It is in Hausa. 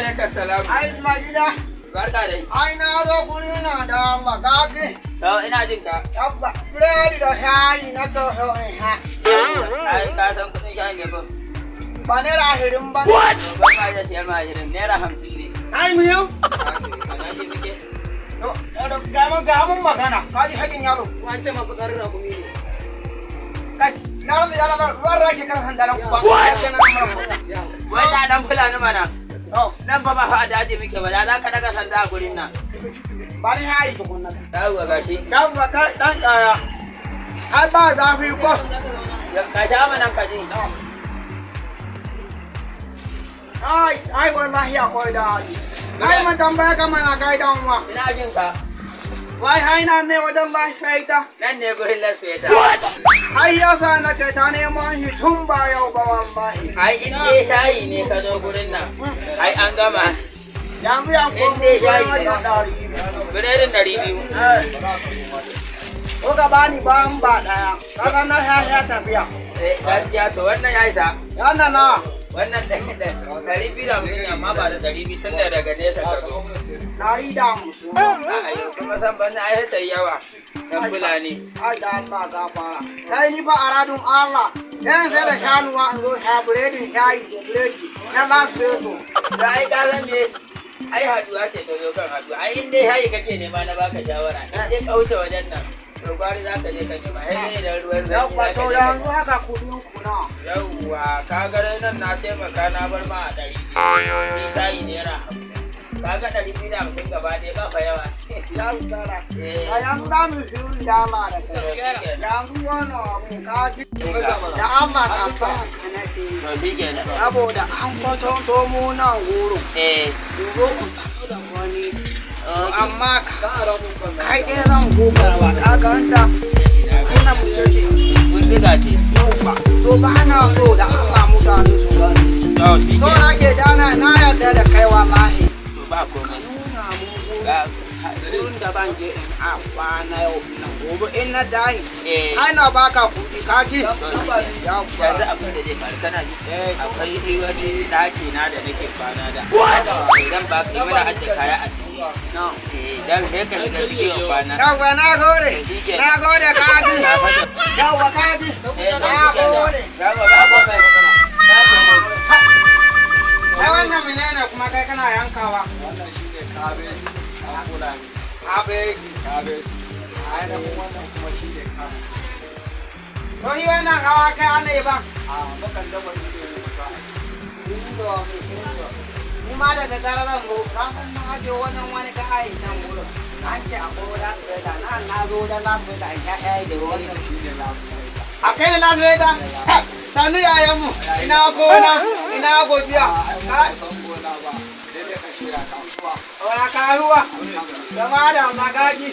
alaikum salam. Ai magida. Barka dai. Ai na zo guri na da magaji. To ina jin ka. Yabba, biredi da shayi na to so in ha. Ai ka san kudin shayi ne ba. Ba naira ashirin ba. What? Ba ka da siyar ma ne, naira hamsin ne. Ai mu yau. Ana ji muke. Ga mun ga mun magana, ka ji hakin yaro. Wance mafukar rakumi ne. Kai, na rantsa da zan rake kan sandalan kuwa. What? Wai da dan fulani mana. nan ba ba fa a daji muke ba da za ka daga sanda a gurin nan bari ha yi tukunna ta ruwa gashi dan ba ka dan kaya har ba zafi ko ka sha mana ka ji ai ai wallahi akwai da ai mun tambaya kamar na kai dan wa ina jin ka Wai hai na ne wajen lafiyata. Nan ne gurin lafiyata. What? Ai ya sa na kai ta neman shi tun ba yau ba wallahi. Ai in dai shayi ne ka zo gurin nan. Ai an gama. Yanzu ya ko mu shayi ne. Biredin ɗari biyu. Eh. Ko ka bani ba an ba ɗaya. Kaga na ya tafiya. Eh gaskiya to wannan ya ta. Yana na. wannan ɗari biyu da hamsin amma ba da ɗari biyu tun da daga nesa ka zo. Ɗari da hamsin. A yau kuma san ban na ayyata yawa ɗan Fulani. Ai da Allah za fara. Kai ni ba a radun Allah. Yan sai da shanuwa in zo sha biredin shayi da biredi na Las Vegas. Da ai ƙazan me ai haduwa ce ta zo kan haduwa. Ai in dai shayi kake nema na baka shawara. Na dai ƙauce wajen nan. gwari za ka je ka nema yi da ruwan zai yau wato yanzu haka kudin kuna yauwa ka ga nan na taimaka na bar ma a ɗari ni sayi naira ka ga ɗari biyu da hamsin gaba ɗaya ba fa yawa ya rutara eh. a yanzu za mu shirin dama da kare yanzu wani abu ka ji da an ma ka fa saboda an kwatanto mu nan wurin eh amma kai ɗaya zan gogara ba ka ganta kuna mutum ce mun diga ce yauwa to ba na so da an Allah mutane su ne to na ke dana na yarda da kaiwa mahi to ba komai nuna mu ga da ban je in a kwana yau na gobe in na dahi eh. ai ba ka kuɗi ka ji yanzu abin da zai faru kana ji eh. akwai wani ɗaki na da nake kwana da idan ba ka yi mana hajjar kaya a Eh, yawwa na gode, eh, na gode ka yawwa na wannan kuma kai kana yankawa. Wannan shi ne kabeji, Kabeji. A wannan kuma shi ne hawa kai ana yi ba? A bakan dabar ne a ciki. ni ma da daddare zan zo ka san na wani ka ayi can wurin ce akwai wani na na zo in ya da shi ne a kai da asibita sanu yayan mu ina gona ina godiya ka san gona ba daidai ka shirya kasuwa da ma da magaji